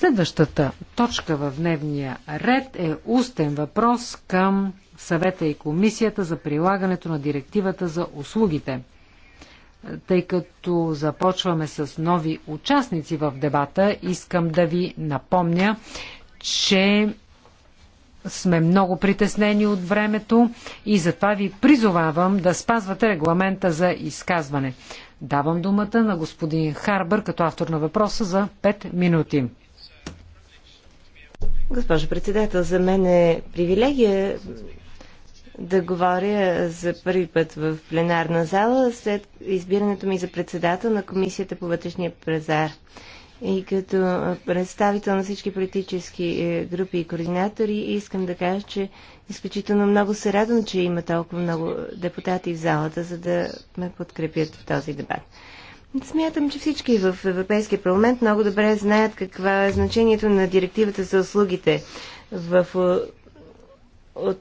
Следващата точка в дневния ред е устен въпрос към съвета и комисията за прилагането на директивата за услугите. Тъй като започваме с нови участници в дебата, искам да ви напомня, че сме много притеснени от времето и затова ви призовавам да спазвате регламента за изказване. Давам думата на господин Харбър като автор на въпроса за 5 минути. Госпожо председател, за мен е привилегия да говоря за първи път в пленарна зала след избирането ми за председател на Комисията по вътрешния пазар. И като представител на всички политически е, групи и координатори искам да кажа, че изключително много се радвам, че има толкова много депутати в залата, за да ме подкрепят в този дебат. Смятам, че всички в Европейския парламент много добре знаят каква е значението на директивата за услугите в, от,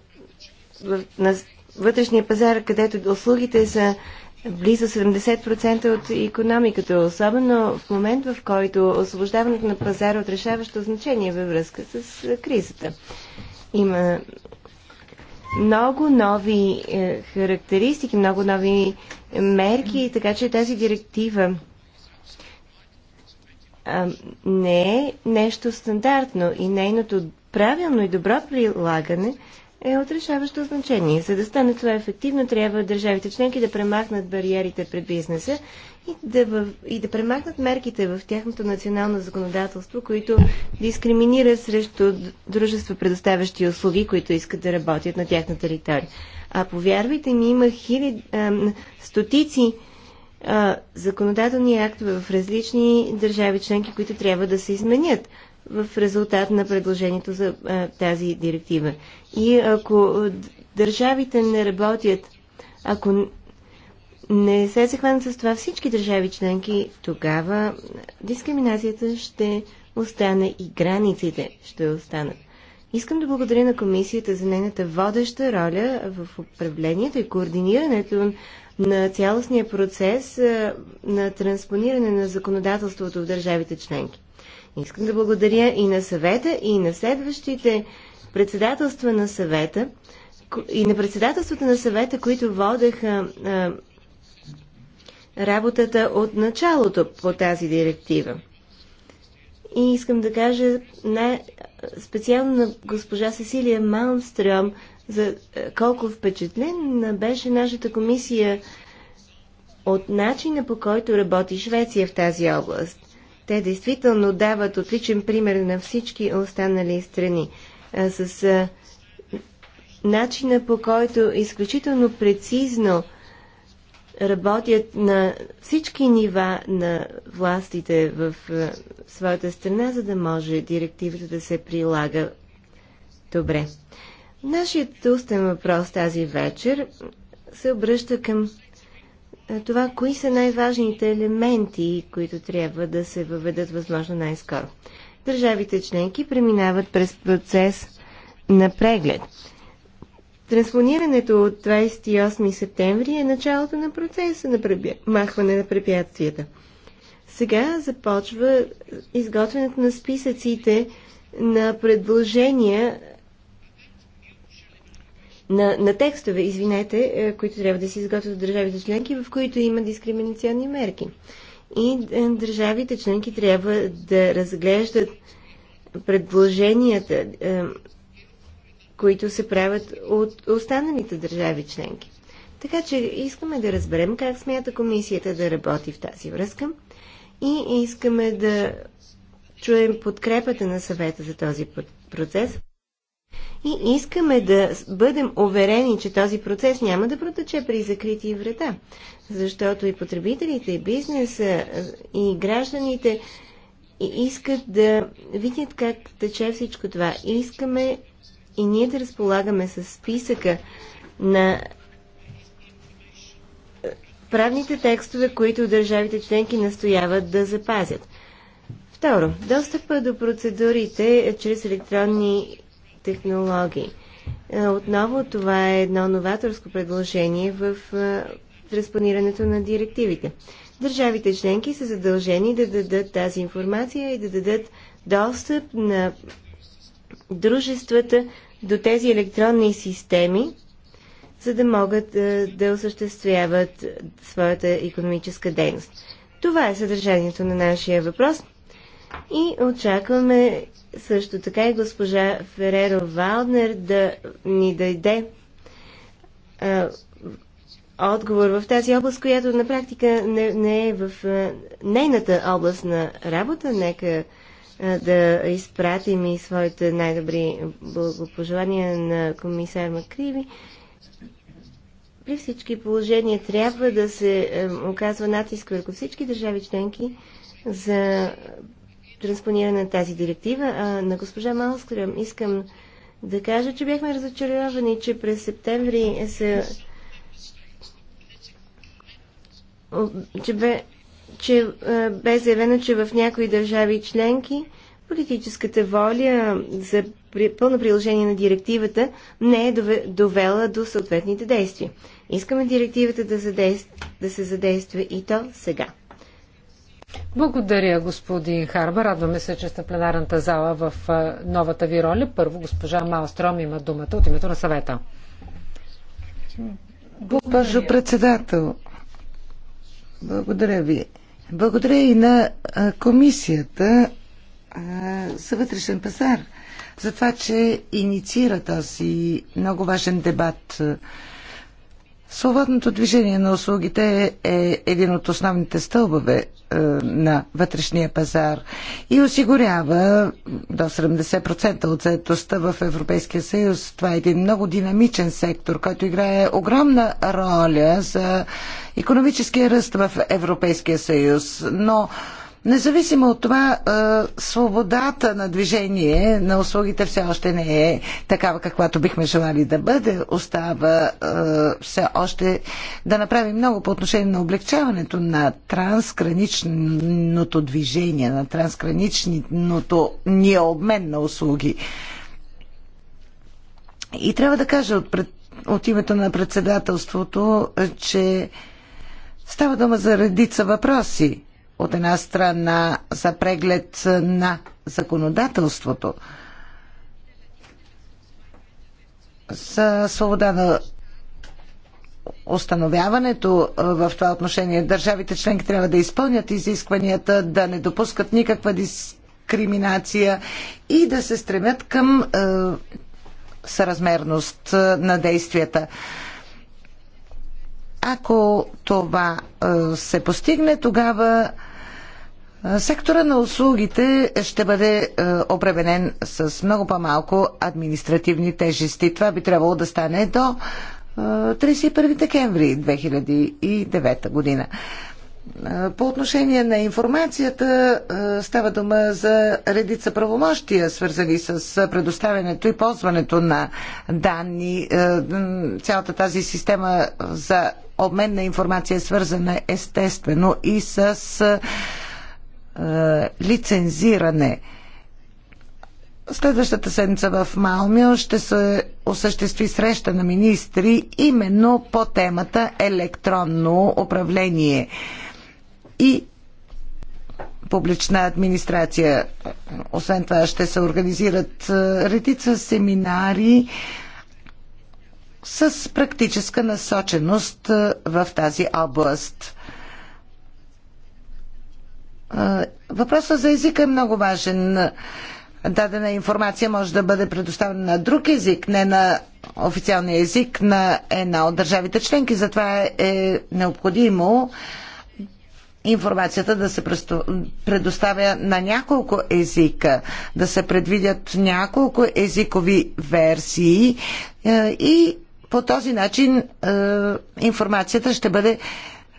в, на вътрешния пазар, където услугите са близо 70% от економиката, особено в момент, в който освобождаването на пазара от решаващо значение във връзка с кризата. Има много нови е, характеристики, много нови мерки, така че тази директива не е нещо стандартно и нейното правилно и добро прилагане е от решаващо значение. За да стане това ефективно, трябва държавите членки да премахнат бариерите пред бизнеса и да, в, и да премахнат мерките в тяхното национално законодателство, които дискриминира срещу дружества, предоставящи услуги, които искат да работят на тяхна територия. А повярвайте ми, има хиляди, стотици а, законодателни актове в различни държави членки, които трябва да се изменят в резултат на предложението за а, тази директива. И ако държавите не работят, ако не се захванат с това всички държави членки, тогава дискриминацията ще остане и границите ще останат. Искам да благодаря на комисията за нейната водеща роля в управлението и координирането на цялостния процес на транспониране на законодателството в държавите членки. Искам да благодаря и на съвета, и на следващите председателства на съвета, и на председателствата на съвета, които водеха работата от началото по тази директива. И искам да кажа най- специално на госпожа Сесилия Малмстрем за е, колко впечатлен беше нашата комисия от начина по който работи Швеция в тази област. Те действително дават отличен пример на всички останали страни. Е, с е, начина по който изключително прецизно работят на всички нива на властите в е, своята страна, за да може директивата да се прилага добре. Нашият устен въпрос тази вечер се обръща към е, това, кои са най-важните елементи, които трябва да се въведат възможно най-скоро. Държавите членки преминават през процес на преглед. Транспонирането от 28 септември е началото на процеса на махване на препятствията. Сега започва изготвянето на списъците на предложения на, на текстове, извинете, е, които трябва да се изготвят от държавите членки, в които има дискриминационни мерки. И е, държавите членки трябва да разглеждат предложенията, е, които се правят от останалите държави членки. Така че искаме да разберем как смята комисията да работи в тази връзка и искаме да чуем подкрепата на съвета за този процес. И искаме да бъдем уверени, че този процес няма да протече при закрити врата, защото и потребителите, и бизнеса, и гражданите искат да видят как тече всичко това. искаме и ние да разполагаме с списъка на е, правните текстове, които държавите членки настояват да запазят. Второ, достъпа до процедурите чрез електронни технологии. Е, отново това е едно новаторско предложение е, в транспонирането на директивите. Държавите членки са задължени да дадат тази информация и да дадат достъп на дружествата до тези електронни системи, за да могат е, да осъществяват е, своята економическа дейност. Това е съдържанието на нашия въпрос. И очакваме също така и госпожа Фереро Валнер да ни дойде а, е, отговор в тази област, която на практика не, не е в а, нейната област на работа. Нека е, да изпратим и своите най-добри благопожелания на комисар Макриви. При всички положения трябва да се е, оказва натиск върху всички държави членки за транспониране на тази директива. А на госпожа Малскър искам да кажа, че бяхме разочаровани, че през септември се че бе че е, бе заявено, че в някои държави членки политическата воля за пълно приложение на директивата не е довела до съответните действия. Искаме директивата да, задейств... да се задейства и то сега. Благодаря, господин Харба. Радваме се, че сте в пленарната зала в е, новата ви роля. Първо, госпожа Малстром има думата от името на съвета. Госпожо председател, благодаря ви. Благодаря и на комисията за вътрешен пазар за това, че инициира този много важен дебат. Свободното движение на услугите е един от основните стълбове е, на вътрешния пазар и осигурява до 70% от заедостта в Европейския съюз. Това е един много динамичен сектор, който играе огромна роля за економическия ръст в Европейския съюз. Но Независимо от това, свободата на движение на услугите все още не е такава, каквато бихме желали да бъде. Остава все още да направим много по отношение на облегчаването на трансграничното движение, на трансграничното ни обмен на услуги. И трябва да кажа от, пред, от името на председателството, че става дума за редица въпроси от една страна за преглед на законодателството, за свобода на установяването в това отношение. Държавите членки трябва да изпълнят изискванията, да не допускат никаква дискриминация и да се стремят към е, съразмерност е, на действията. Ако това е, се постигне, тогава Сектора на услугите ще бъде обременен с много по-малко административни тежести. Това би трябвало да стане до 31 декември 2009 година. По отношение на информацията става дума за редица правомощия, свързани с предоставянето и ползването на данни. Цялата тази система за обмен на информация е свързана естествено и с е, лицензиране. Следващата седмица в Малмио ще се осъществи среща на министри именно по темата електронно управление и публична администрация. Освен това ще се организират е, редица семинари с практическа насоченост е, в тази област – Въпросът за езика е много важен. Дадена информация може да бъде предоставена на друг език, не на официалния език на една от държавите членки. Затова е необходимо информацията да се предоставя на няколко езика, да се предвидят няколко езикови версии е, и по този начин е, информацията ще бъде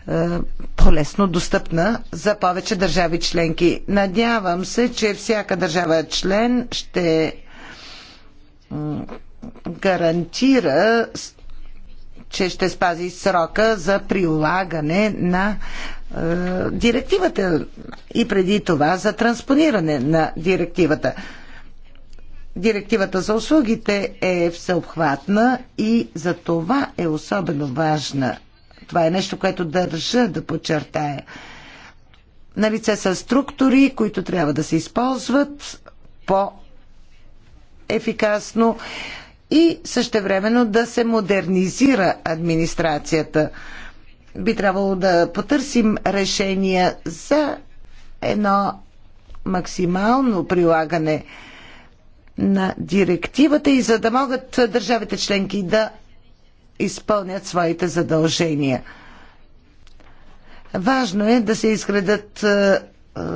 е, по-лесно достъпна за повече държави членки. Надявам се, че всяка държава член ще гарантира, че ще спази срока за прилагане на е, директивата и преди това за транспониране на директивата. Директивата за услугите е всеобхватна и за това е особено важна това е нещо, което държа да подчертая. Налице са структури, които трябва да се използват по-ефикасно и същевременно да се модернизира администрацията. Би трябвало да потърсим решения за едно максимално прилагане на директивата и за да могат държавите членки да изпълнят своите задължения. Важно е да се изградат е,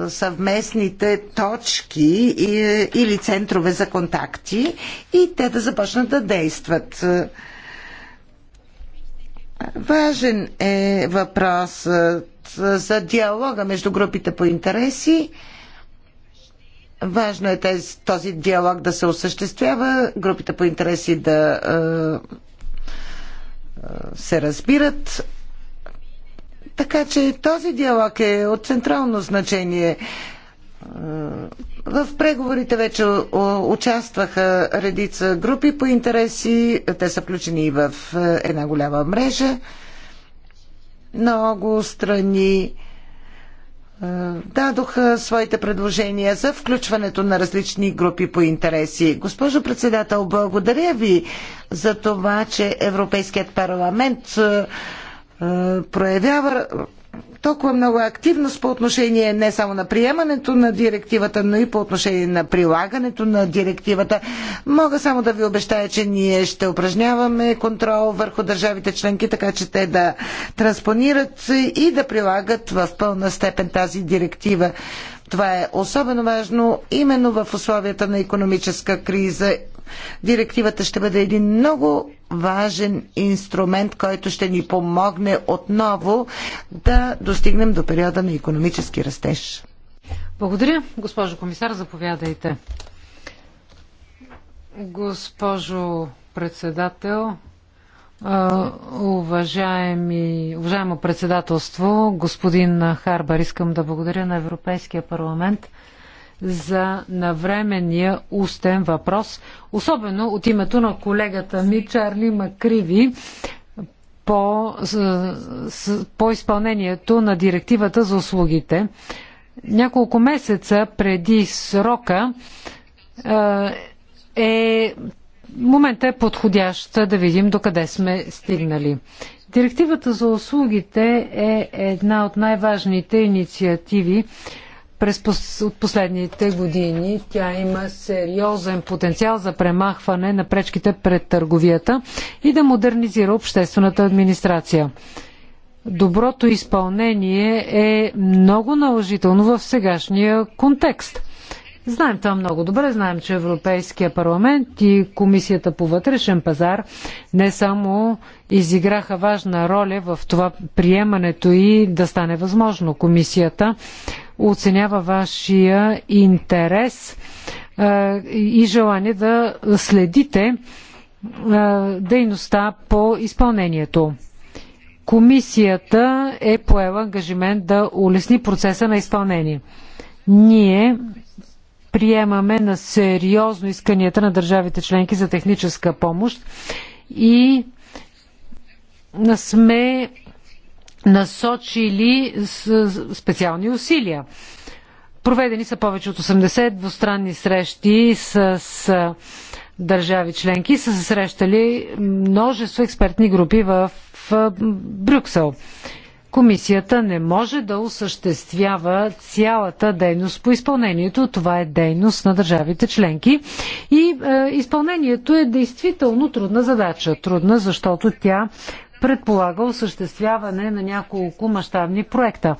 съвместните точки е, или центрове за контакти и те да започнат да действат. Важен е въпросът за диалога между групите по интереси. Важно е този диалог да се осъществява, групите по интереси да е, се разбират. Така че този диалог е от централно значение. Е, в преговорите вече участваха редица групи по интереси. Те са включени и в е, една голяма мрежа. Много страни е, дадоха своите предложения за включването на различни групи по интереси. Госпожо председател, благодаря ви за това, че Европейският парламент е, е, проявява толкова много активност по отношение не само на приемането на директивата, но и по отношение на прилагането на директивата. Мога само да ви обещая, че ние ще упражняваме контрол върху държавите членки, така че те да транспонират и да прилагат в пълна степен тази директива. Това е особено важно именно в условията на економическа криза. Директивата ще бъде един много важен инструмент, който ще ни помогне отново да достигнем до периода на економически растеж. Благодаря. Госпожо комисар, заповядайте. Госпожо председател, уважаеми, уважаемо председателство, господин Харбар, искам да благодаря на Европейския парламент за навременния устен въпрос, особено от името на колегата ми Чарли Макриви по, по изпълнението на директивата за услугите. Няколко месеца преди срока е, е момента е подходящ да видим докъде сме стигнали. Директивата за услугите е една от най-важните инициативи, през пос... от последните години. Тя има сериозен потенциал за премахване на пречките пред търговията и да модернизира обществената администрация. Доброто изпълнение е много наложително в сегашния контекст – Знаем това много добре. Знаем, че Европейския парламент и Комисията по вътрешен пазар не само изиграха важна роля в това приемането и да стане възможно. Комисията оценява вашия интерес и желание да следите дейността по изпълнението. Комисията е поела ангажимент да улесни процеса на изпълнение. Ние приемаме на сериозно исканията на държавите членки за техническа помощ и сме насочили специални усилия. Проведени са повече от 80 двустранни срещи с, държави членки и са се срещали множество експертни групи в, в Брюксел. Комисията не може да осъществява цялата дейност по изпълнението. Това е дейност на държавите членки. И е, изпълнението е действително трудна задача. Трудна, защото тя предполага осъществяване на няколко мащабни проекта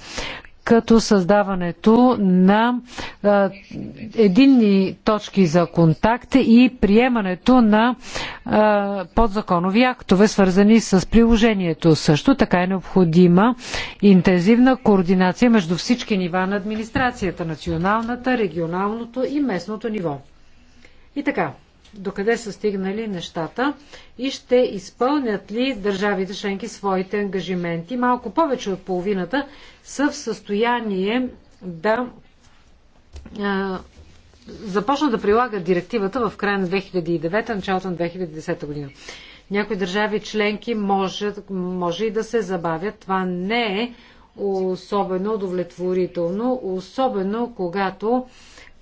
като създаването на единни точки за контакт и приемането на подзаконови актове, свързани с приложението. Също така е необходима интензивна координация между всички нива на администрацията националната, регионалното и местното ниво. И така, докъде са стигнали нещата и ще изпълнят ли държавите членки своите ангажименти. Малко повече от половината са в състояние да а, започнат да прилагат директивата в края на 2009, началото на 2010 година. Някои държави членки може, може и да се забавят. Това не е особено удовлетворително, особено когато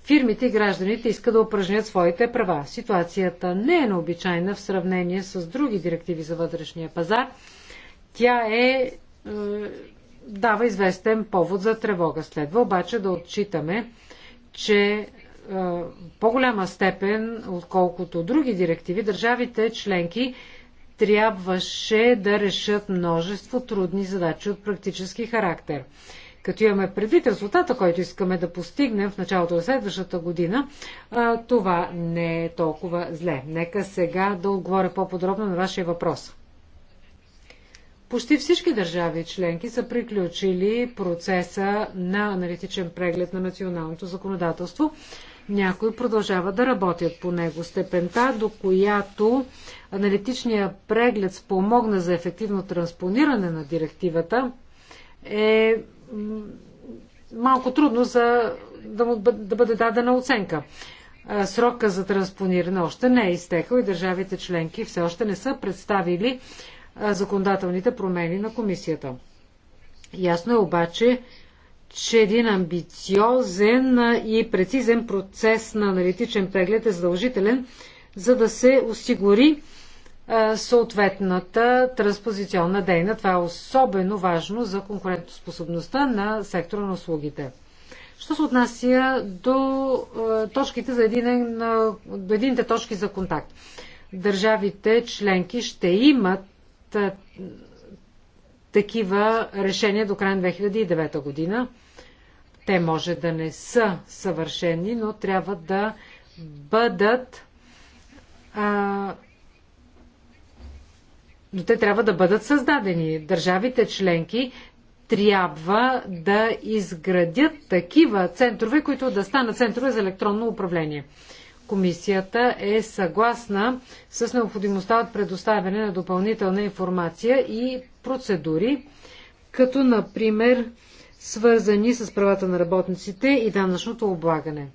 фирмите и гражданите искат да упражнят своите права. Ситуацията не е необичайна в сравнение с други директиви за вътрешния пазар. Тя е, е дава известен повод за тревога. Следва обаче да отчитаме, че е, по-голяма степен, отколкото други директиви, държавите членки трябваше да решат множество трудни задачи от практически характер. Като имаме предвид резултата, който искаме да постигнем в началото на следващата година, това не е толкова зле. Нека сега да отговоря по-подробно на вашия въпрос. Почти всички държави членки са приключили процеса на аналитичен преглед на националното законодателство. Някои продължават да работят по него. Степента, до която аналитичният преглед спомогна за ефективно транспониране на директивата, е малко трудно за да, му, да бъде дадена оценка. Срока за транспониране още не е изтекал и държавите членки все още не са представили законодателните промени на комисията. Ясно е обаче, че един амбициозен и прецизен процес на аналитичен преглед е задължителен, за да се осигури е, съответната транспозиционна дейна. Това е особено важно за конкурентоспособността на сектора на услугите. Що се отнася до е, точките за един, до едините точки за контакт? Държавите членки ще имат е, такива решения до края на 2009 година. Те може да не са съвършени, но трябва да бъдат а, но те трябва да бъдат създадени. Държавите членки трябва да изградят такива центрове, които да станат центрове за електронно управление. Комисията е съгласна с необходимостта от предоставяне на допълнителна информация и процедури, като например свързани с правата на работниците и данъчното облагане.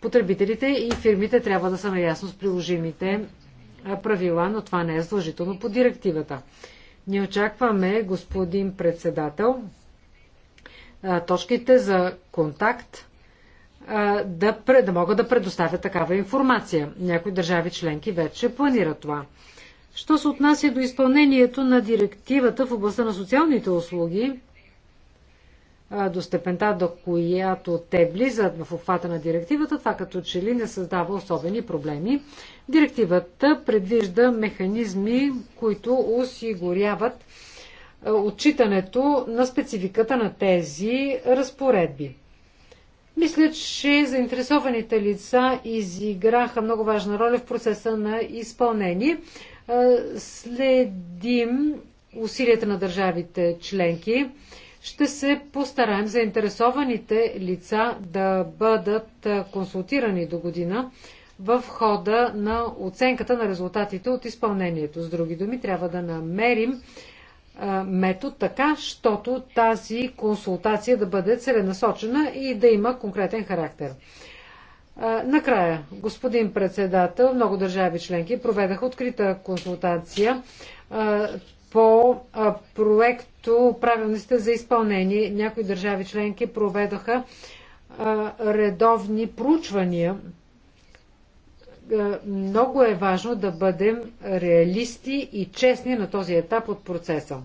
Потребителите и фирмите трябва да са наясно с приложимите правила, но това не е задължително по директивата. Ние очакваме, господин председател, точките за контакт да, да могат да предоставят такава информация. Някои държави членки вече планират това. Що се отнася до изпълнението на директивата в областта на социалните услуги, до степента, до която те влизат в обхвата на директивата, това като че ли не създава особени проблеми. Директивата предвижда механизми, които осигуряват отчитането на спецификата на тези разпоредби. Мисля, че заинтересованите лица изиграха много важна роля в процеса на изпълнение. Следим усилията на държавите членки ще се постараем заинтересованите лица да бъдат консултирани до година в хода на оценката на резултатите от изпълнението. С други думи, трябва да намерим метод така, щото тази консултация да бъде целенасочена и да има конкретен характер. Накрая, господин председател, много държави членки проведаха открита консултация по проекто правилността за изпълнение. Някои държави членки проведоха редовни проучвания. Много е важно да бъдем реалисти и честни на този етап от процеса.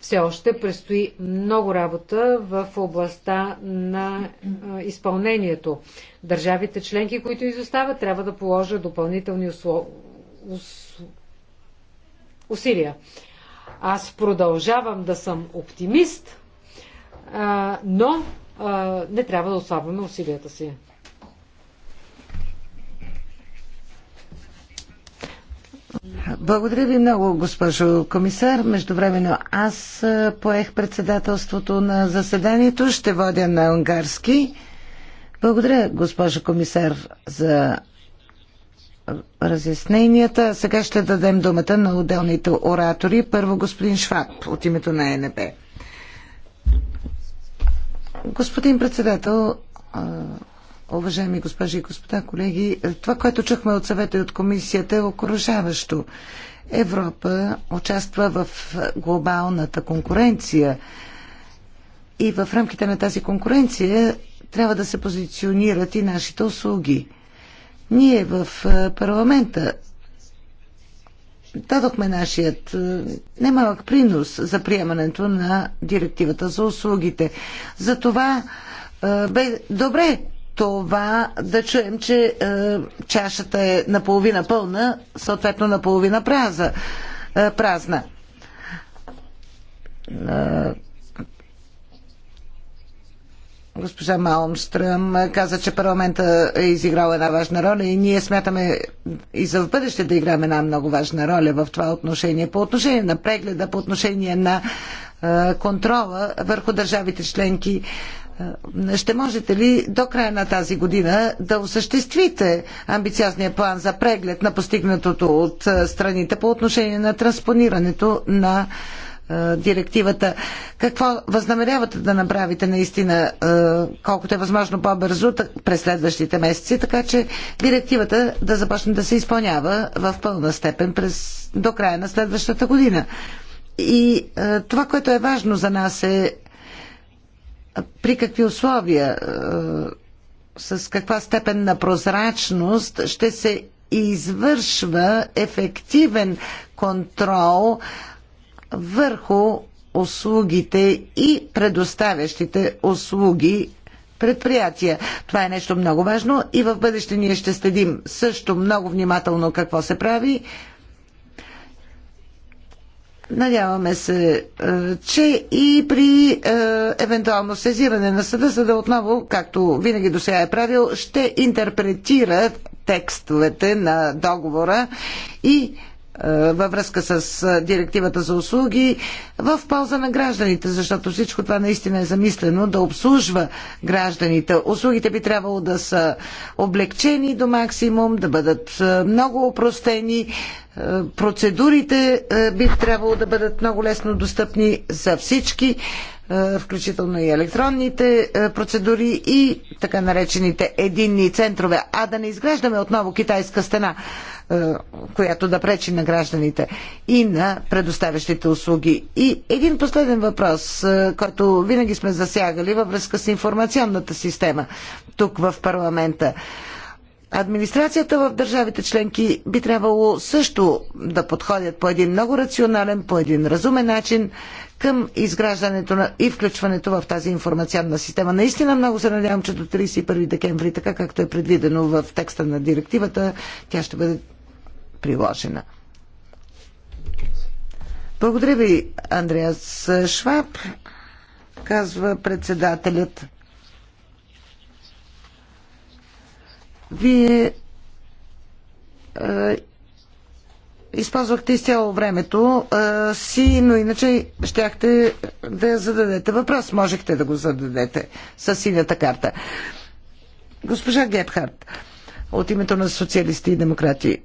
Все още предстои много работа в областта на изпълнението. Държавите членки, които изостават, трябва да положат допълнителни условия усилия. Аз продължавам да съм оптимист, но не трябва да ослабваме усилията си. Благодаря ви много, госпожо комисар. Междувременно аз поех председателството на заседанието. Ще водя на унгарски. Благодаря, госпожо комисар, за разясненията. Сега ще дадем думата на отделните оратори. Първо господин Шваб от името на ЕНП. Господин председател, уважаеми госпожи и господа, колеги, това, което чухме от съвета и от комисията е окоръжаващо. Европа участва в глобалната конкуренция и в рамките на тази конкуренция трябва да се позиционират и нашите услуги – ние в парламента дадохме нашият немалък принос за приемането на директивата за услугите. Затова бе добре това да чуем, че чашата е наполовина пълна, съответно наполовина праза, празна. Госпожа Малмстръм каза, че парламента е изиграл една важна роля и ние смятаме и за в бъдеще да играем една много важна роля в това отношение. По отношение на прегледа, по отношение на контрола върху държавите членки, ще можете ли до края на тази година да осъществите амбициозния план за преглед на постигнатото от страните по отношение на транспонирането на директивата. Какво възнамерявате да направите наистина колкото е възможно по-бързо през следващите месеци, така че директивата да започне да се изпълнява в пълна степен през, до края на следващата година. И това, което е важно за нас е при какви условия, с каква степен на прозрачност ще се извършва ефективен контрол върху услугите и предоставящите услуги предприятия. Това е нещо много важно и в бъдеще ние ще следим също много внимателно какво се прави. Надяваме се, е, че и при е, евентуално сезиране на съда, съда отново, както винаги до сега е правил, ще интерпретира текстовете на договора и е, във връзка с е, директивата за услуги в полза на гражданите, защото всичко това наистина е замислено да обслужва гражданите. Услугите би трябвало да са облегчени до максимум, да бъдат е, много опростени. Процедурите би трябвало да бъдат много лесно достъпни за всички, включително и електронните процедури и така наречените единни центрове. А да не изграждаме отново китайска стена. Е, която да пречи на гражданите и на предоставящите услуги. И един последен въпрос, е, който винаги сме засягали във връзка с информационната система тук в парламента. Администрацията в държавите членки би трябвало също да подходят по един много рационален, по един разумен начин към изграждането на и включването в тази информационна система. Наистина много се надявам, че до 31 декември, така както е предвидено в текста на директивата, тя ще бъде приложена. Благодаря ви, Андреас Шваб, казва председателят. Вие е, използвахте изцяло времето а, си, но иначе щяхте да зададете въпрос. Можехте да го зададете с синята карта. Госпожа Гебхарт, от името на социалисти и демократи.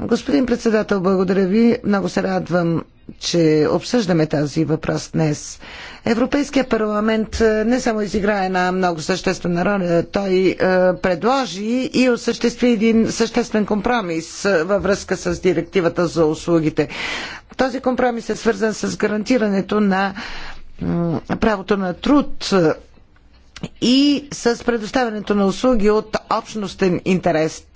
Господин председател, благодаря ви. Много се радвам, че обсъждаме тази въпрос днес. Европейския парламент е, не само изигра една много съществена роля, той е, предложи и осъществи един съществен компромис е, във връзка с директивата за услугите. Този компромис е свързан с гарантирането на правото на труд и с предоставянето на услуги от общностен интерес.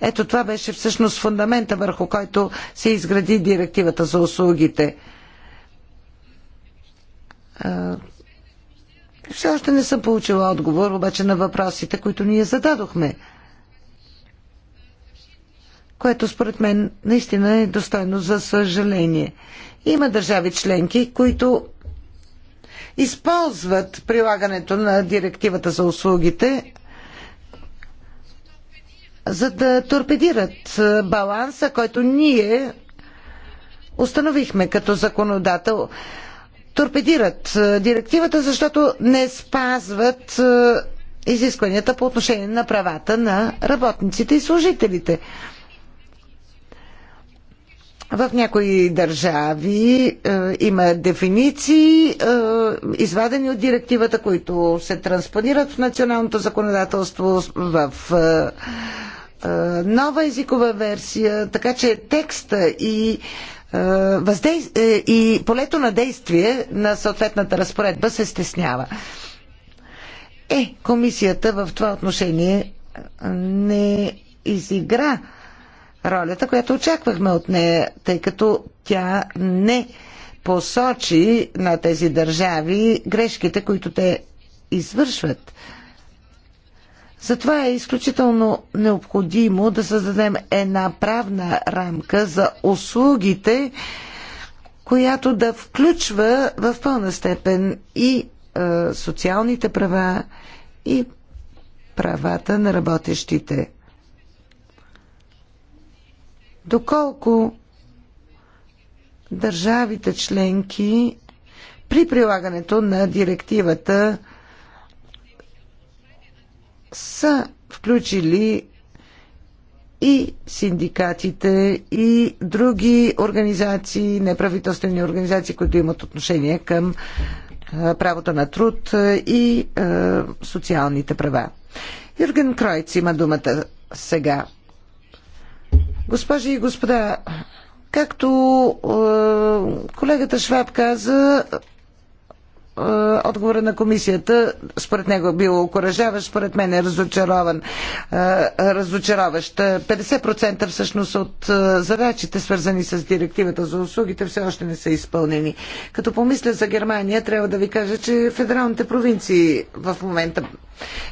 Ето това беше всъщност фундамента върху който се изгради директивата за услугите. Все още не съм получила отговор обаче на въпросите, които ние зададохме. Което според мен наистина е достойно за съжаление. Има държави членки, които използват прилагането на директивата за услугите, за да торпедират баланса, който ние установихме като законодател. Торпедират директивата, защото не спазват изискванията по отношение на правата на работниците и служителите. В някои държави е, има дефиниции, е, извадени от директивата, които се транспонират в националното законодателство в е, е, нова езикова версия, така че текста и е, е и полето на действие на съответната разпоредба се стеснява. Е, комисията в това отношение не изигра ролята, която очаквахме от нея, тъй като тя не посочи на тези държави грешките, които те извършват. Затова е изключително необходимо да създадем една правна рамка за услугите, която да включва в пълна степен и е, социалните права, и правата на работещите доколко държавите членки при прилагането на директивата са включили и синдикатите, и други организации, неправителствени организации, които имат отношение към правото на труд и социалните права. Юрген Кройц има думата сега. Госпожи и господа, както е, колегата Шваб каза, е, отговора на комисията, според него е бил окоръжаващ, според мен е разочарован, е, разочароващ. 50% всъщност от е, задачите, свързани с директивата за услугите, все още не са изпълнени. Като помисля за Германия, трябва да ви кажа, че федералните провинции в момента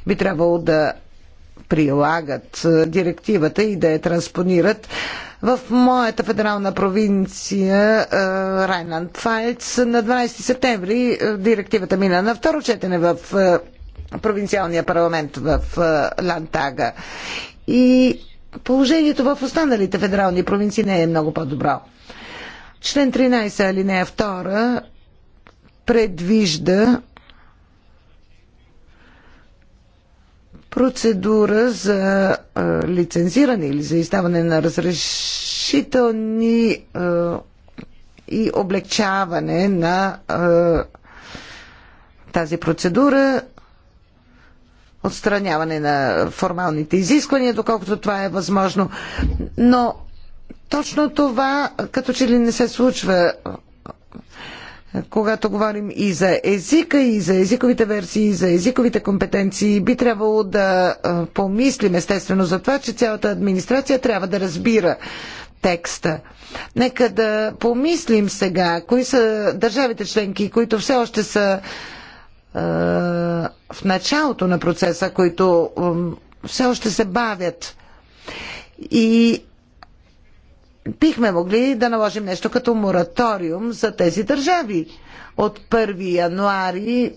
би трябвало да прилагат директивата и да я транспонират. В моята федерална провинция Райнанд-Файц на 12 септември директивата мина на второ четене в провинциалния парламент в Лантага. И положението в останалите федерални провинции не е много по-добро. Член 13 алинея 2 предвижда процедура за лицензиране или за издаване на разрешителни и облегчаване на тази процедура отстраняване на формалните изисквания, доколкото това е възможно. Но точно това като че ли не се случва когато говорим и за езика, и за езиковите версии, и за езиковите компетенции, би трябвало да помислим естествено за това, че цялата администрация трябва да разбира текста. Нека да помислим сега, кои са държавите членки, които все още са в началото на процеса, които все още се бавят. И бихме могли да наложим нещо като мораториум за тези държави. От 1 януари е,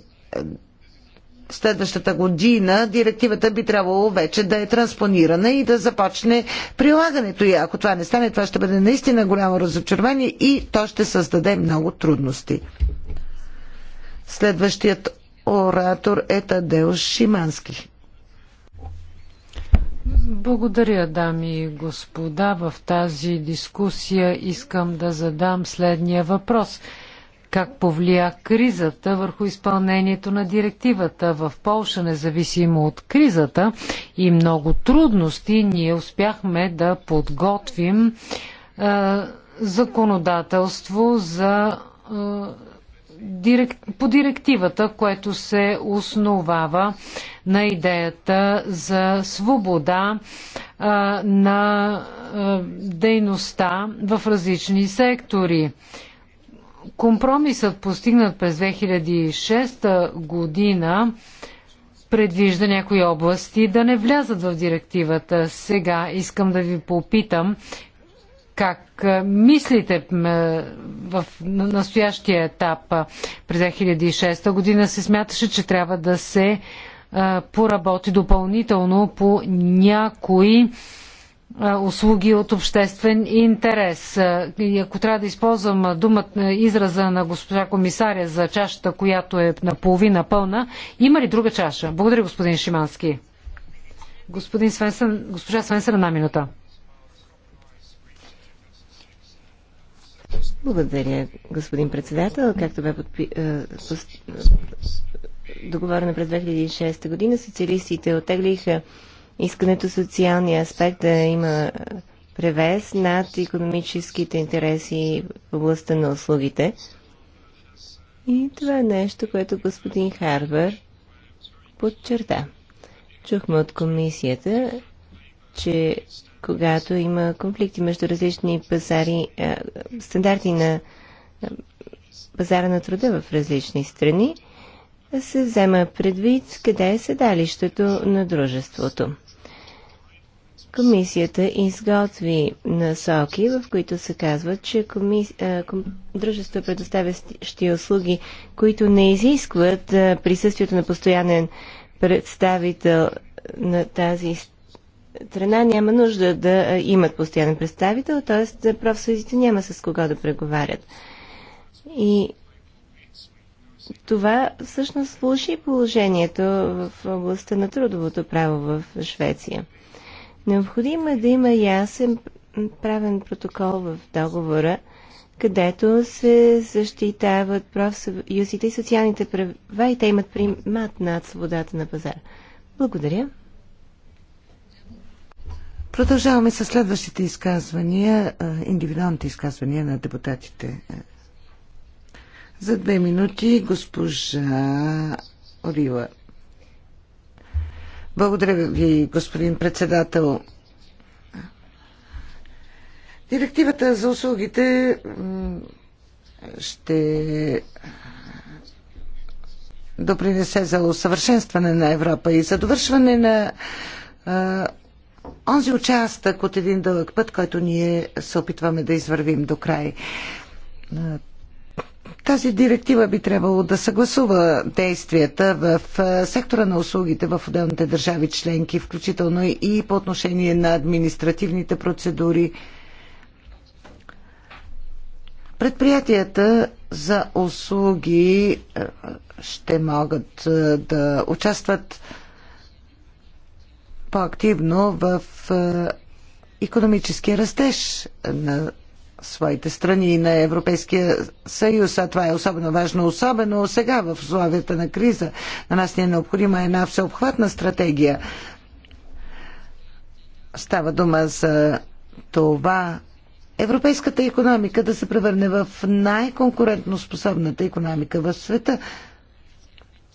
следващата година директивата би трябвало вече да е транспонирана и да започне прилагането и ако това не стане, това ще бъде наистина голямо разочарование и то ще създаде много трудности. Следващият оратор е Тадел Шимански. Благодаря, дами и господа. В тази дискусия искам да задам следния въпрос. Как повлия кризата върху изпълнението на директивата? В Полша, независимо от кризата и много трудности, ние успяхме да подготвим е, законодателство за по директивата, което се основава на идеята за свобода а, на а, дейността в различни сектори. Компромисът, постигнат през 2006 година, предвижда някои области да не влязат в директивата. Сега искам да ви попитам как мислите в настоящия етап през 2006 година се смяташе, че трябва да се поработи допълнително по някои услуги от обществен интерес. И ако трябва да използвам думата, израза на госпожа комисаря за чашата, която е наполовина пълна, има ли друга чаша? Благодаря, господин Шимански. Господин Свенсън, госпожа свенсър, една минута. Благодаря, господин председател. Както бе подпи... Е, договорено през 2006 година, социалистите отеглиха искането социалния аспект да има е, превес над економическите интереси в областта на услугите. И това е нещо, което господин Харбър подчерта. Чухме от комисията, че когато има конфликти между различни пазари, е, стандарти на е, пазара на труда в различни страни, се взема предвид къде е седалището на дружеството. Комисията изготви насоки, в които се казва, че коми... Е, ком... дружество предоставящи услуги, които не изискват присъствието на постоянен представител на тази страна, страна няма нужда да имат постоянен представител, т.е. профсъюзите няма с кого да преговарят. И това всъщност служи положението в областта на трудовото право в Швеция. Необходимо е да има ясен правен протокол в договора, където се защитават профсъюзите и социалните права и те имат примат над свободата на пазара. Благодаря. Продължаваме с следващите изказвания, индивидуалните изказвания на депутатите. За две минути госпожа Орила. Благодаря ви, господин председател. Директивата за услугите ще допринесе за усъвършенстване на Европа и за довършване на онзи участък от един дълъг път, който ние се опитваме да извървим до край. Тази директива би трябвало да съгласува действията в сектора на услугите в отделните държави членки, включително и по отношение на административните процедури. Предприятията за услуги ще могат да участват по-активно в економически растеж на своите страни и на Европейския съюз, а това е особено важно, особено сега в условията на криза. На нас ни е необходима една всеобхватна стратегия. Става дума за това европейската економика да се превърне в най-конкурентно способната економика в света –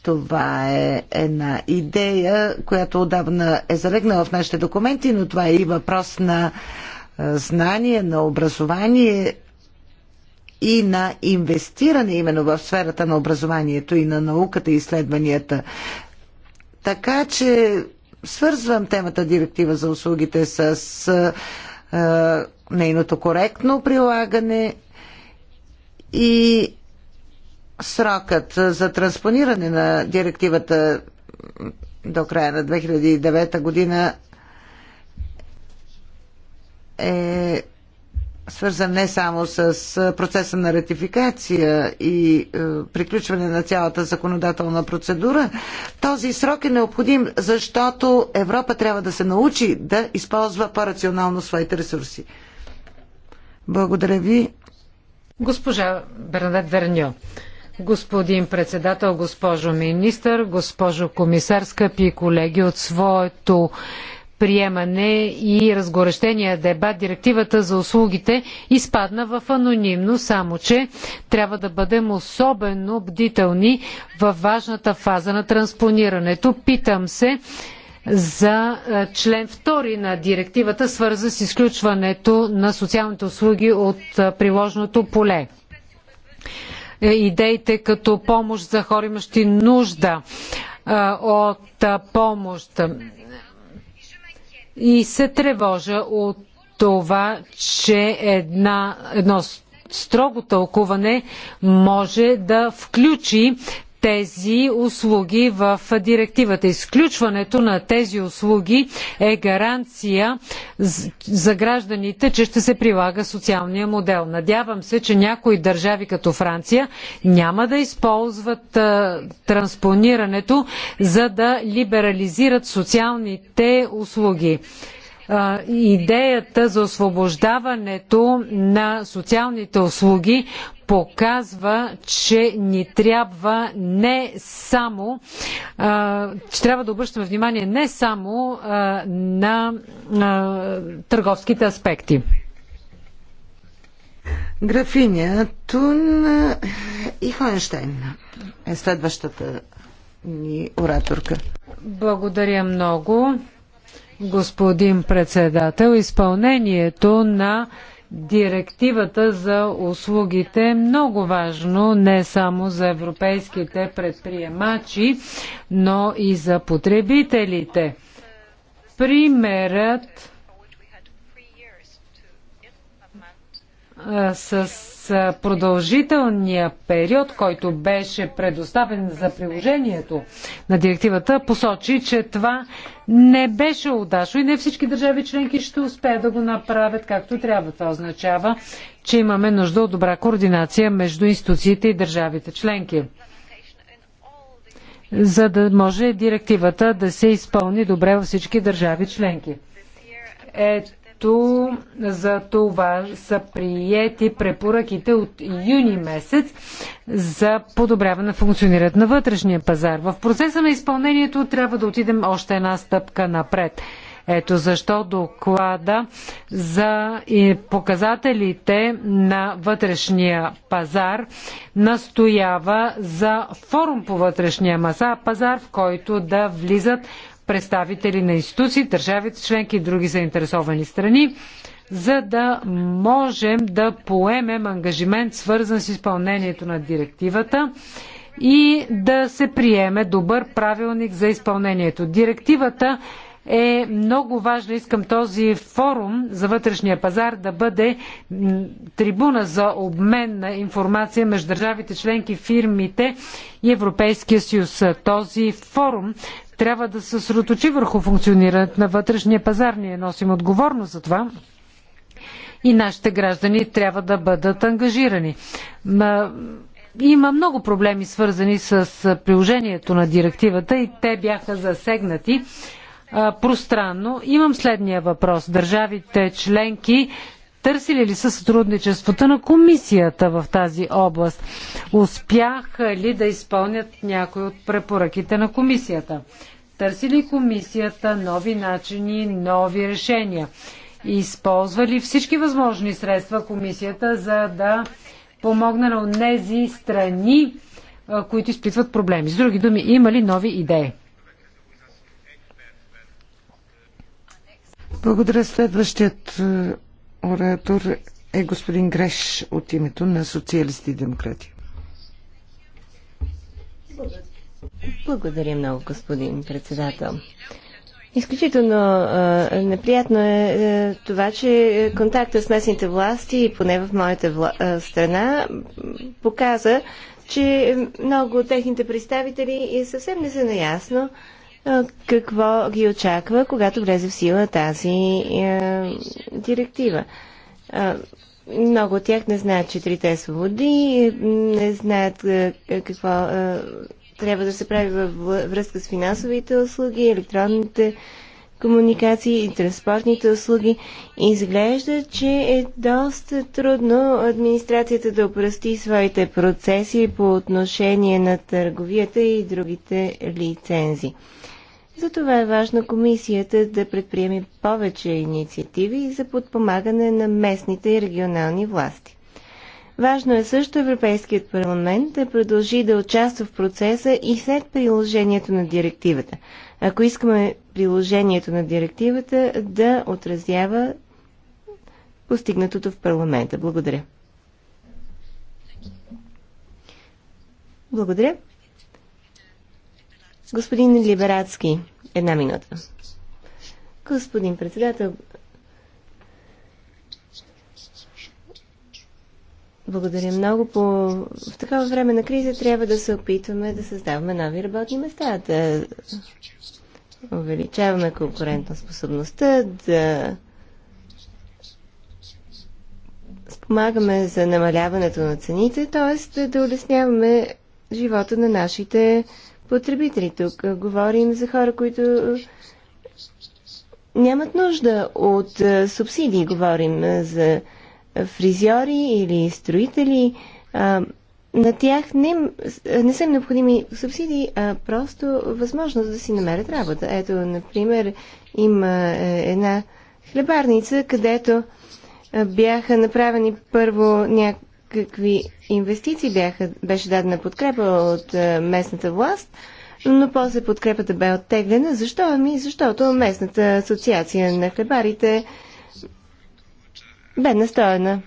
това е една идея, която отдавна е залегнала в нашите документи, но това е и въпрос на е, знание, на образование и на инвестиране именно в сферата на образованието и на науката и изследванията. Така че свързвам темата директива за услугите с е, е нейното коректно прилагане и срокът за транспониране на директивата до края на 2009 година е свързан не само с процеса на ратификация и приключване на цялата законодателна процедура. Този срок е необходим, защото Европа трябва да се научи да използва по-рационално своите ресурси. Благодаря ви. Госпожа Бернадет Верньо. Господин председател, госпожо министър, госпожо комисар, скъпи колеги, от своето приемане и разгорещения дебат директивата за услугите изпадна в анонимно, само че трябва да бъдем особено бдителни във важната фаза на транспонирането. Питам се за е, член 2 на директивата, свързан с изключването на социалните услуги от е, приложното поле. Е, идеите като помощ за хора, имащи нужда от помощ. И се тревожа от това, че една, едно строго тълкуване може да включи тези услуги в директивата. Изключването на тези услуги е гаранция за гражданите, че ще се прилага социалния модел. Надявам се, че някои държави като Франция няма да използват а, транспонирането, за да либерализират социалните услуги идеята за освобождаването на социалните услуги показва, че ни трябва не само, че трябва да обръщаме внимание не само на търговските аспекти. Графиня Тун и Хоенштейн е следващата ни ораторка. Благодаря много господин председател. Изпълнението на директивата за услугите е много важно не само за европейските предприемачи, но и за потребителите. Примерът с продължителния период, който беше предоставен за приложението на директивата, посочи, че това не беше удачно и не всички държави членки ще успеят да го направят както трябва. Това означава, че имаме нужда от добра координация между институциите и държавите членки за да може директивата да се изпълни добре във всички държави членки. Е, като за това са приети препоръките от юни месец за подобряване на функционирането на вътрешния пазар. В процеса на изпълнението трябва да отидем още една стъпка напред. Ето защо доклада за е, показателите на вътрешния пазар настоява за форум по вътрешния маса, пазар, в който да влизат представители на институции, държавите членки и други заинтересовани страни, за да можем да поемем ангажимент, свързан с изпълнението на директивата и да се приеме добър правилник за изпълнението. Директивата е много важно. Искам този форум за вътрешния пазар да бъде трибуна за обмен на информация между държавите членки, фирмите и Европейския съюз. Този форум трябва да се съсредоточи върху функционирането на вътрешния пазар. Ние носим отговорност за това и нашите граждани трябва да бъдат ангажирани. Има много проблеми свързани с приложението на директивата и те бяха засегнати пространно. Имам следния въпрос. Държавите членки Търсили ли са сътрудничеството на комисията в тази област? Успяха ли да изпълнят някои от препоръките на комисията? Търси ли комисията нови начини, нови решения? Използва ли всички възможни средства комисията, за да помогне на тези страни, които изпитват проблеми? С други думи, има ли нови идеи? Благодаря. Следващият е, оратор е господин Греш от името на социалисти и демократи. Благодаря много, господин председател. Изключително а, неприятно е а, е, това, че контакта с местните власти, поне в моята вла... а, страна, показа, че много от техните представители съвсем не са наясно какво ги очаква, когато влезе в сила тази е, директива. много от тях не знаят четирите свободи, не знаят е, какво е, трябва да се прави във връзка с финансовите услуги, електронните комуникации и транспортните услуги. Изглежда, че е доста трудно администрацията да опрости своите процеси по отношение на търговията и другите лицензи. Затова е важно комисията да предприеме повече инициативи за подпомагане на местните и регионални власти. Важно е също Европейският парламент да продължи да участва в процеса и след приложението на директивата. Ако искаме приложението на директивата да отразява постигнатото в парламента. Благодаря. Благодаря. Господин Либерацки, една минута. Господин председател, благодаря много. По... В такова време на криза трябва да се опитваме да създаваме нови работни места, да увеличаваме конкурентна способността да спомагаме за намаляването на цените, т.е. да улесняваме живота на нашите потребители. Тук говорим за хора, които е, нямат нужда от е, субсидии. Говорим е, за фризьори или строители. На тях не, не са необходими субсидии, а просто възможност да си намерят работа. Ето, например, има една хлебарница, където бяха направени първо някакви какви инвестиции бяха, беше дадена подкрепа от е, местната власт, но после подкрепата бе оттеглена. Защо? Ами, защото местната асоциация на хлебарите бе настроена,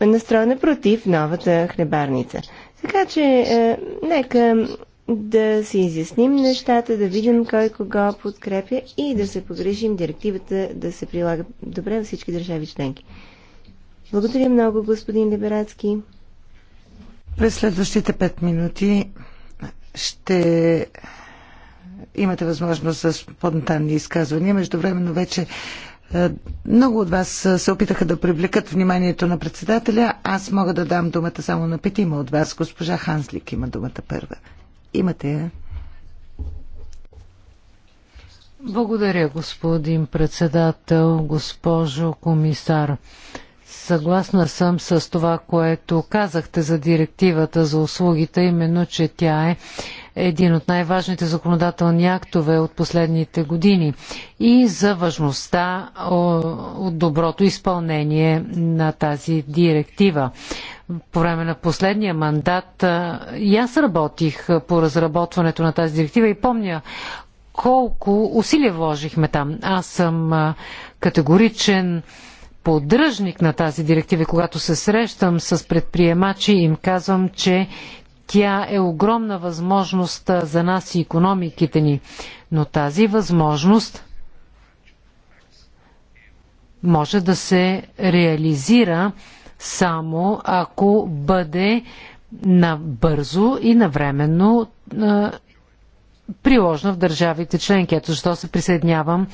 настроена против новата хлебарница. Така че, е, нека да си изясним нещата, да видим кой кого подкрепя и да се погрежим директивата да се прилага добре във всички държави членки. Благодаря много, господин Либерацки. През следващите пет минути ще имате възможност за спонтанни изказвания. Междувременно вече е, много от вас се опитаха да привлекат вниманието на председателя. Аз мога да дам думата само на петима от вас. Госпожа Ханслик има думата първа. Имате я. Благодаря, господин председател, госпожо комисар. Съгласна съм с това, което казахте за директивата за услугите, именно, че тя е един от най-важните законодателни актове от последните години и за важността от доброто изпълнение на тази директива. По време на последния мандат и аз работих по разработването на тази директива и помня колко усилия вложихме там. Аз съм категоричен поддръжник на тази директива, когато се срещам с предприемачи, им казвам, че тя е огромна възможност за нас и економиките ни. Но тази възможност може да се реализира само ако бъде набързо и навременно приложена в държавите членки. Ето защо се присъединявам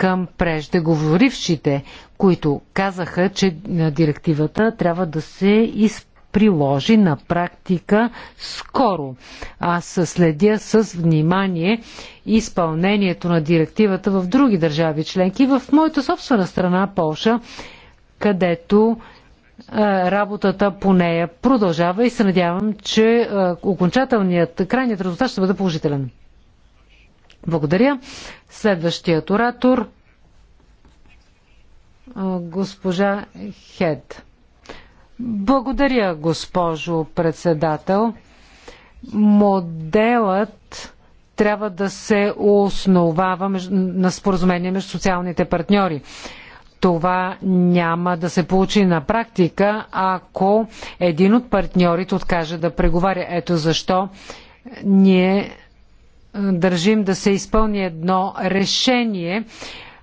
към преждеговорившите, които казаха, че директивата трябва да се изпълнява приложи на практика скоро. Аз следя с внимание изпълнението на директивата в други държави членки, в моята собствена страна Полша, където работата по нея продължава и се надявам, че окончателният крайният резултат ще бъде положителен. Благодаря. Следващият оратор госпожа Хед. Благодаря, госпожо председател. Моделът трябва да се основава на споразумение между социалните партньори. Това няма да се получи на практика, ако един от партньорите откаже да преговаря. Ето защо ние държим да се изпълни едно решение,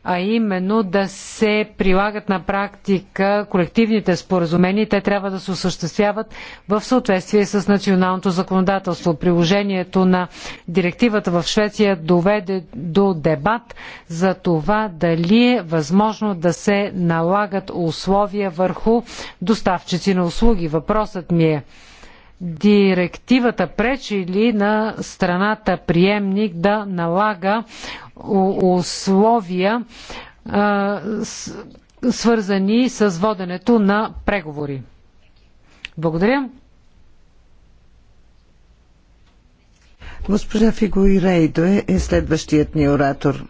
а именно да се прилагат на практика колективните споразумения. Те трябва да се осъществяват в съответствие с националното законодателство. Приложението на директивата в Швеция доведе до дебат за това дали е възможно да се налагат условия върху доставчици на услуги. Въпросът ми е директивата пречи ли на страната приемник да налага условия свързани с воденето на преговори. Благодаря. Госпожа Фиго Ирейдо е, е следващият ни оратор.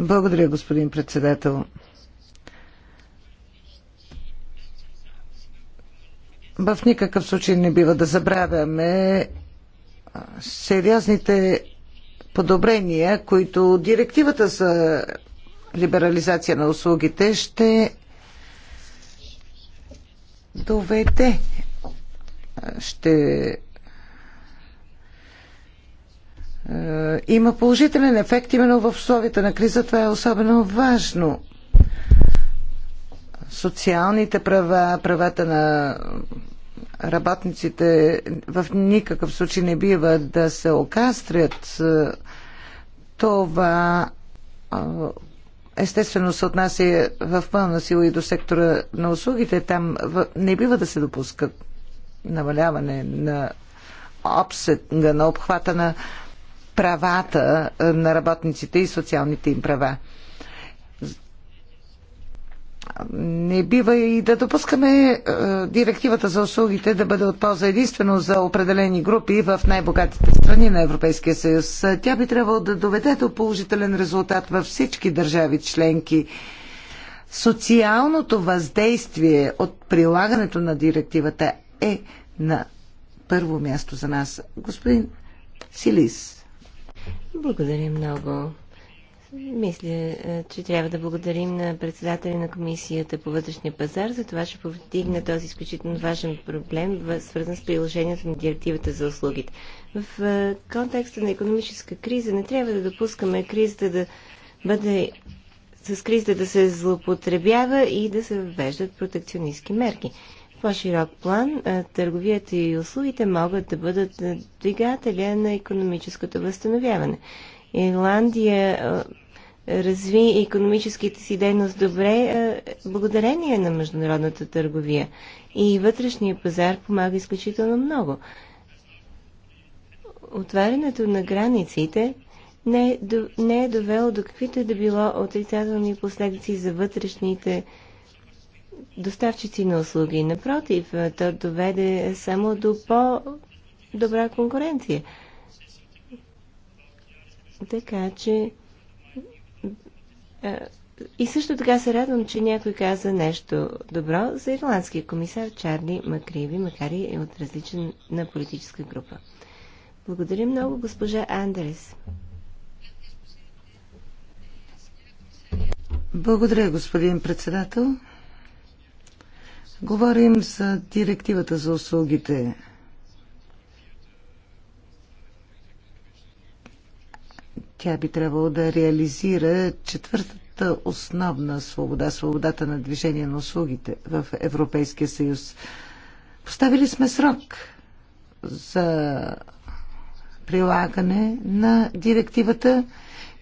Благодаря, господин председател. В никакъв случай не бива да забравяме сериозните подобрения, които директивата за либерализация на услугите ще доведе, ще има положителен ефект именно в условията на криза. Това е особено важно. Социалните права, правата на работниците в никакъв случай не бива да се окастрят. Това естествено се отнася в пълна сила и до сектора на услугите. Там не бива да се допуска намаляване на обсетга, на обхвата на правата на работниците и социалните им права не бива и да допускаме е, директивата за услугите да бъде от полза единствено за определени групи в най-богатите страни на Европейския съюз. Тя би трябвало да доведе до положителен резултат във всички държави членки. Социалното въздействие от прилагането на директивата е на първо място за нас. Господин Силис. Благодаря много. Мисля, е, че трябва да благодарим на председателя на Комисията по вътрешния пазар за това, че повдигна този изключително важен проблем, свързан с приложението на директивата за услугите. В е, контекста на економическа криза не трябва да допускаме кризата да бъде с кризата да се злоупотребява и да се въвеждат протекционистски мерки. В по-широк план е, търговията и услугите могат да бъдат двигателя на економическото възстановяване. Ирландия разви економическите си дейност добре е, благодарение на международната търговия. И вътрешния пазар помага изключително много. Отварянето на границите не е, до, не е довело до каквито е да било отрицателни последици за вътрешните доставчици на услуги. Напротив, е, то доведе само до по-добра конкуренция. Така че е, и също така се радвам, че някой каза нещо добро за ирландския комисар Чарли Макриви, макар и от различна политическа група. Благодаря много, госпожа Андрес. Благодаря, господин председател. Говорим за директивата за услугите Тя би трябвало да реализира четвъртата основна свобода, свободата на движение на услугите в Европейския съюз. Поставили сме срок за прилагане на директивата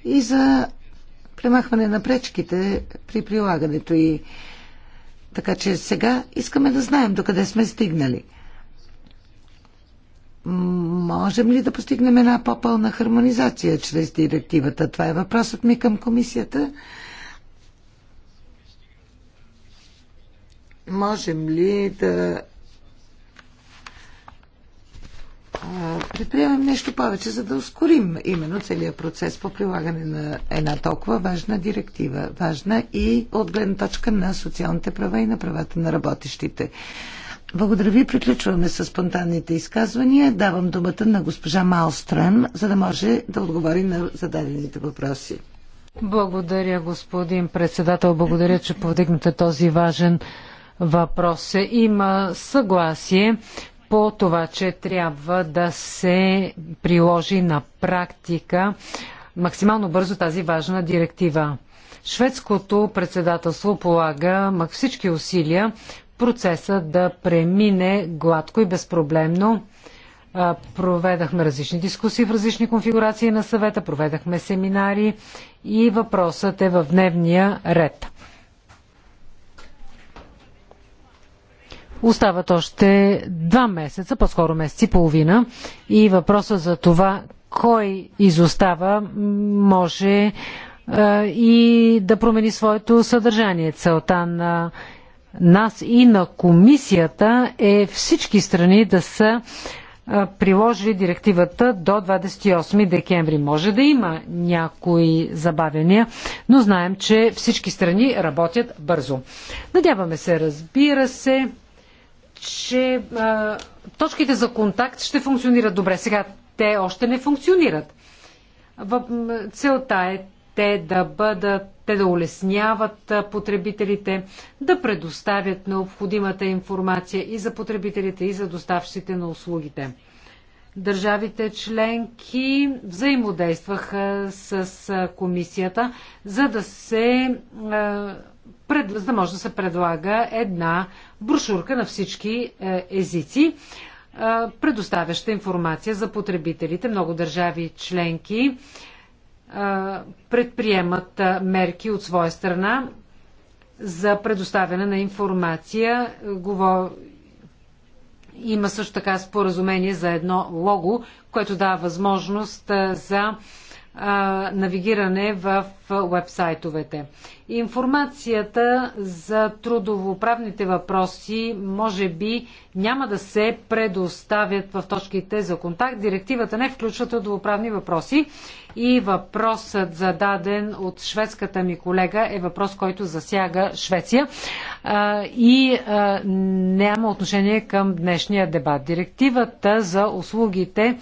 и за премахване на пречките при прилагането и така че сега искаме да знаем докъде сме стигнали. Можем ли да постигнем една по-пълна хармонизация чрез директивата? Това е въпросът ми към комисията. Можем ли да предприемем нещо повече, за да ускорим именно целият процес по прилагане на една толкова важна директива. Важна и от гледна точка на социалните права и на правата на работещите. Благодаря ви. Приключваме с спонтанните изказвания. Давам думата на госпожа Малстрем, за да може да отговори на зададените въпроси. Благодаря, господин председател. Благодаря, че повдигнате този важен въпрос. Има съгласие по това, че трябва да се приложи на практика максимално бързо тази важна директива. Шведското председателство полага всички усилия процеса да премине гладко и безпроблемно. Проведахме различни дискусии в различни конфигурации на съвета, проведахме семинари и въпросът е в дневния ред. Остават още два месеца, по-скоро месец и половина и въпросът за това кой изостава може и да промени своето съдържание. Целта на нас и на комисията е всички страни да са приложили директивата до 28 декември. Може да има някои забавяния, но знаем, че всички страни работят бързо. Надяваме се, разбира се, че а, точките за контакт ще функционират добре. Сега те още не функционират. Целта е те да бъдат те да улесняват потребителите, да предоставят необходимата информация и за потребителите, и за доставщите на услугите. Държавите членки взаимодействаха с комисията, за да се за да може да се предлага една брошурка на всички езици, предоставяща информация за потребителите. Много държави членки предприемат мерки от своя страна за предоставяне на информация. Има също така споразумение за едно лого, което дава възможност за навигиране в вебсайтовете. Информацията за трудовоправните въпроси може би няма да се предоставят в точките за контакт. Директивата не включва трудовоправни въпроси и въпросът зададен от шведската ми колега е въпрос, който засяга Швеция а, и а, няма отношение към днешния дебат. Директивата за услугите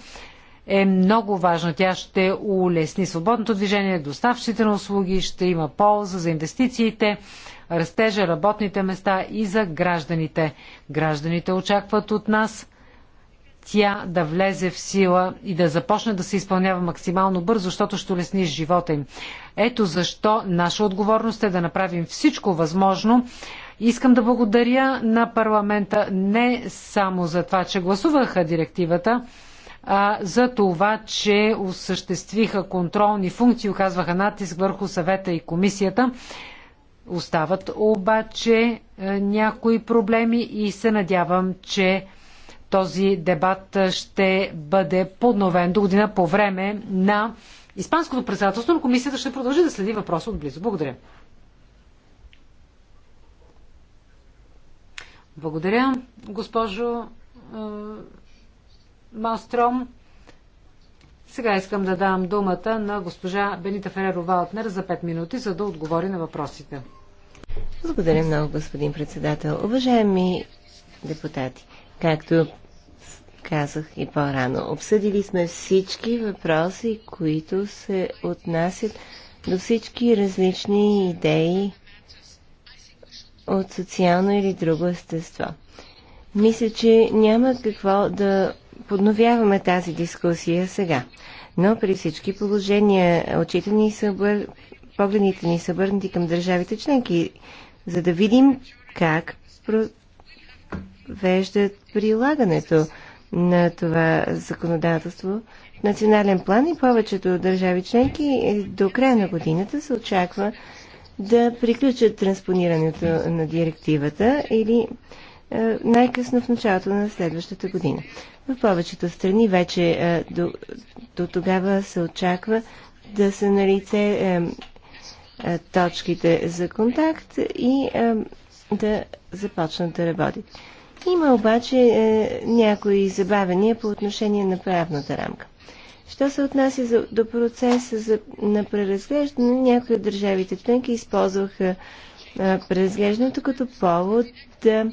е много важна. Тя ще улесни свободното движение, доставчите на услуги, ще има полза за инвестициите, растежа, работните места и за гражданите. Гражданите очакват от нас тя да влезе в сила и да започне да се изпълнява максимално бързо, защото ще улесни живота им. Ето защо наша отговорност е да направим всичко възможно. Искам да благодаря на парламента не само за това, че гласуваха директивата, а, за това, че осъществиха контролни функции, оказваха натиск върху съвета и комисията. Остават обаче някои проблеми и се надявам, че този дебат ще бъде подновен до година по време на Испанското председателство, но комисията ще продължи да следи въпроса отблизо. Благодаря. Благодаря, госпожо Малстром. Сега искам да дам думата на госпожа Бенита Фереро Валтнер за 5 минути, за да отговори на въпросите. Благодаря много, господин председател. Уважаеми депутати, както казах и по-рано, обсъдили сме всички въпроси, които се отнасят до всички различни идеи от социално или друго естество. Мисля, че няма какво да подновяваме тази дискусия сега. Но при всички положения очите ни са бър... погледните ни са бърнати към държавите членки, за да видим как провеждат прилагането на това законодателство в национален план и повечето държави членки до края на годината се очаква да приключат транспонирането на директивата или е, най-късно в началото на следващата година. В повечето страни вече е, до, до тогава се очаква да са на лице е, точките за контакт и да започнат да работят. Има обаче някои забавения по отношение на правната рамка. Що се отнася за, до процеса за, на преразглеждане, някои от държавите членки използваха е, преразглеждането като повод да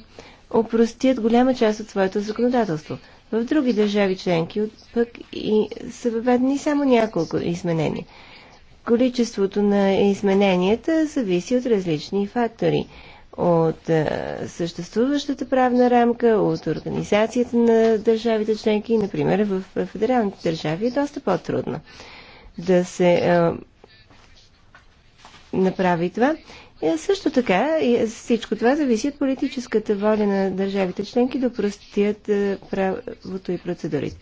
опростят голяма част от своето законодателство. В други държави членки пък и са въведени само няколко изменения. Количеството на измененията зависи от различни фактори. От е, съществуващата правна рамка, от организацията на държавите членки, например в федералните държави е доста по-трудно да се е, направи това. Е, също така, всичко това зависи от политическата воля на държавите членки да простят е, правото и процедурите.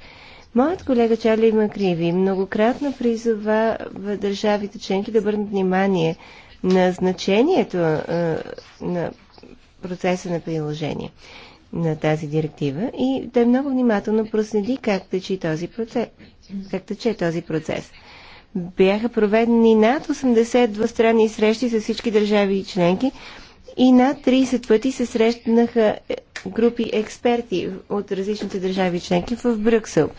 Моят колега Чарли Макриви многократно призова държавите членки да обърнат внимание на значението е, на процеса на приложение на тази директива и да е много внимателно проследи как тече този процес. Как тече този процес бяха проведени над 80 двустранни срещи с всички държави и членки и над 30 пъти се срещнаха е, групи експерти от различните държави членки в Брюксел.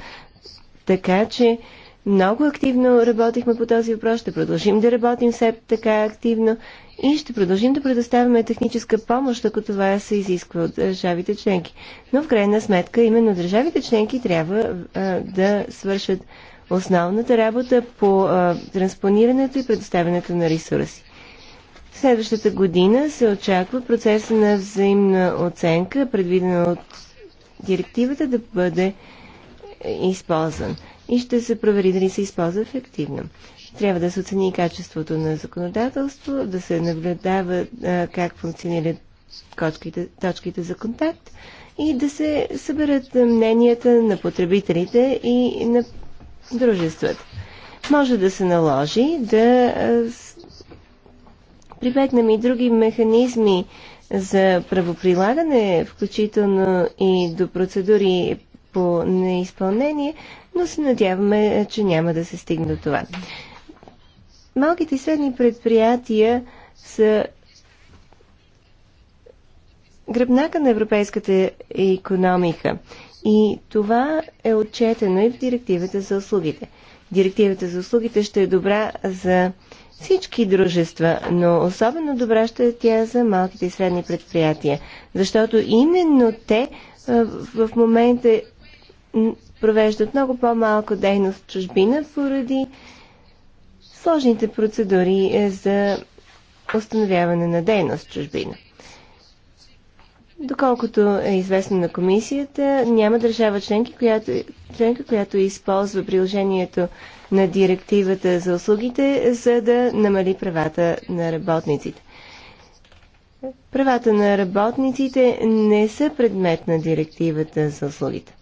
Така че много активно работихме по този въпрос, ще продължим да работим все така активно и ще продължим да предоставяме техническа помощ, ако това се изисква от държавите членки. Но в крайна сметка именно държавите членки трябва а, да свършат основната работа по а, транспонирането и предоставянето на ресурси. Следващата година се очаква процеса на взаимна оценка, предвидена от директивата да бъде е, използван и ще се провери дали се използва ефективно. Трябва да се оцени качеството на законодателство, да се наблюдава а, как функционират точките, точките за контакт и да се съберат мненията на потребителите и на дружествата. Може да се наложи да прибегнем и други механизми за правоприлагане, включително и до процедури по неизпълнение, но се надяваме, че няма да се стигне до това. Малките и средни предприятия са гръбнака на европейската економика. И това е отчетено и в директивата за услугите. Директивата за услугите ще е добра за всички дружества, но особено добра ще е тя за малките и средни предприятия, защото именно те в момента провеждат много по-малко дейност в чужбина поради сложните процедури е, за установяване на дейност в чужбина. Доколкото е известно на комисията, няма държава членки, която, членка, която използва приложението на директивата за услугите, за да намали правата на работниците. Правата на работниците не са предмет на директивата за услугите.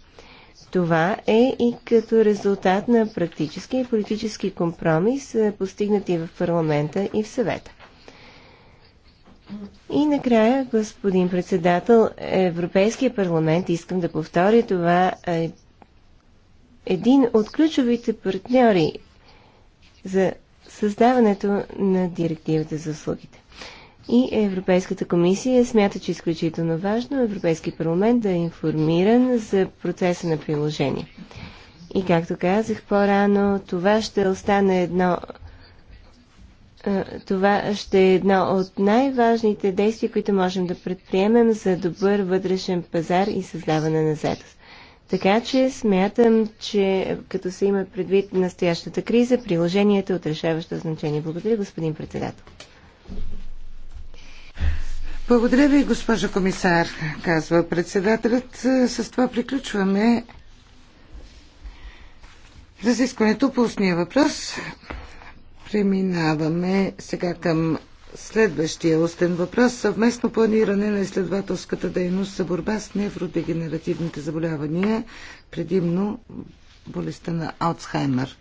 Това е и като резултат на практически и политически компромис, е, постигнати в парламента и в съвета. И накрая, господин председател, Европейския парламент, искам да повторя това, е един от ключовите партньори за създаването на директивата за услугите. И Европейската комисия смята, че е изключително важно Европейски парламент да е информиран за процеса на приложение. И както казах по-рано, това ще остане едно това ще е едно от най-важните действия, които можем да предприемем за добър вътрешен пазар и създаване на заедост. Така че смятам, че като се има предвид настоящата криза, приложението е от решаващо значение. Благодаря, господин председател. Благодаря ви, госпожо комисар, казва председателят. С това приключваме разискването по устния въпрос. Преминаваме сега към следващия устен въпрос. Съвместно планиране на изследователската дейност за борба с невродегенеративните заболявания, предимно болестта на Алцхаймер.